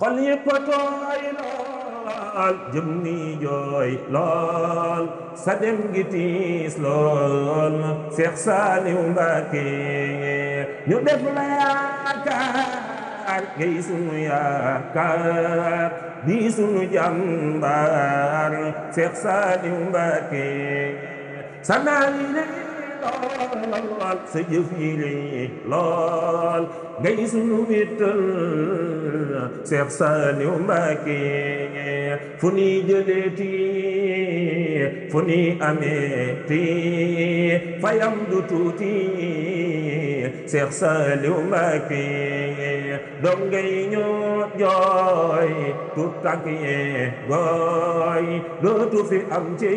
xol yëpp a tooy lool jëm ni jooy lool sa dem gi tiis lool Seex Saaliw Mbàkke ñu def la yaakaar ngay sunu yaakaar di sunu jàmbaar Seex Saaliw Mbàkke sa naan laal sa jëf yi lii lool ngay sunu wittal Seex Saaliw Mbàkke fu nuy jëleeti fu nuy ameeti fayam du tuuti Seex Saaliw Mbàkke doom ngay ñu jooy tu tànk yee gooy dootu fi am ci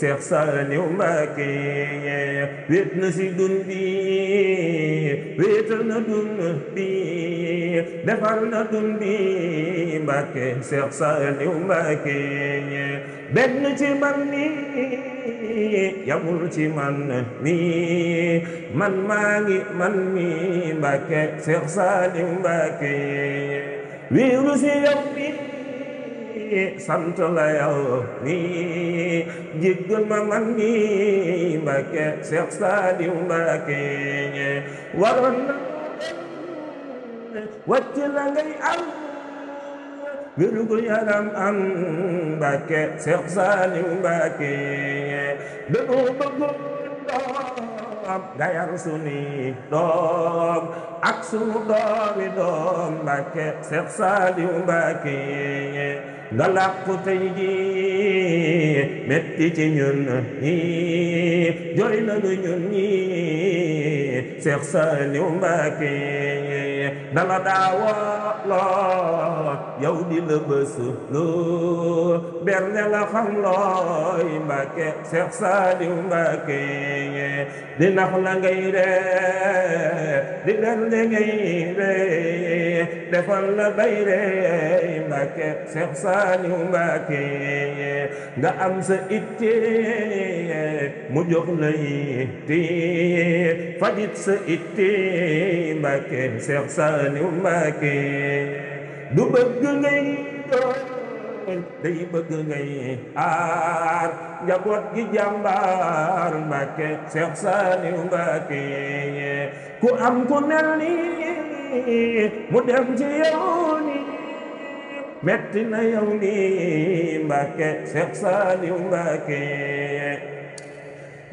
Seex Saaliw Mbàkke wéet na si dun bi wéetal na dun bi defar na dun bi Mbàkke Seex Saaliw Mbàkke benn ci man ni yamul ci man mi man maa man mi Mbàkke Seex Saaliw Mbàkke wéeru si yow bi sant la yow mi jéggul ma man mi Mbàkke Seex Saaliw Mbàkke waroon na wàcc la ngay am wérgu yaram am Mbàkke Seex Saaliw Mbàkke dañu bëgg doom nga yar sunu doom ak sunu doomi doom Mbàkke Seex Saaliw Mbàkke nga làqu tey ji metti ci ñun ñi jooy nañu ñun ñi Seex Saaliw Mbàkke na la daawoo loo yow di la bës loo berne la xam looy Mbàkke Seex Saaliw Mbàkke di nax la ngay ree di berne ngay ree defal la bay ree Mbàkke Seex Saaliw Mbàkke nga am sa itte mu jox la itte fajit sa itte Mbàkke Seex Saaliw Mbàkke du bëgg ngay doon day bëgg ngay aar njaboot gi jàmbaar Mbàkke Seex Saaliw Mbàkke ku am ku mel nii mu dem ci yow nii metti na yow nii Mbàkke Seex Saaliw Mbàkke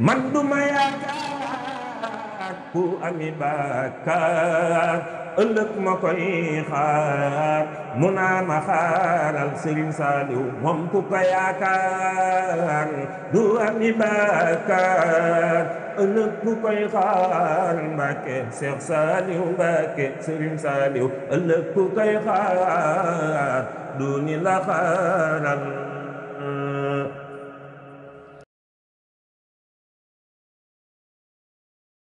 man du ma yaakaar ku ami bàkkaar ëllëg ma koy xaar mu naa ma xaaral Sëriñ Saaliw moom ku ko yaakaar du ami bàkkaar ëllëg ku koy xaar Mbàkke Seex Saaliw Mbàkke Sëriñ Saaliw ëllëg ku koy xaar du ni la xaaral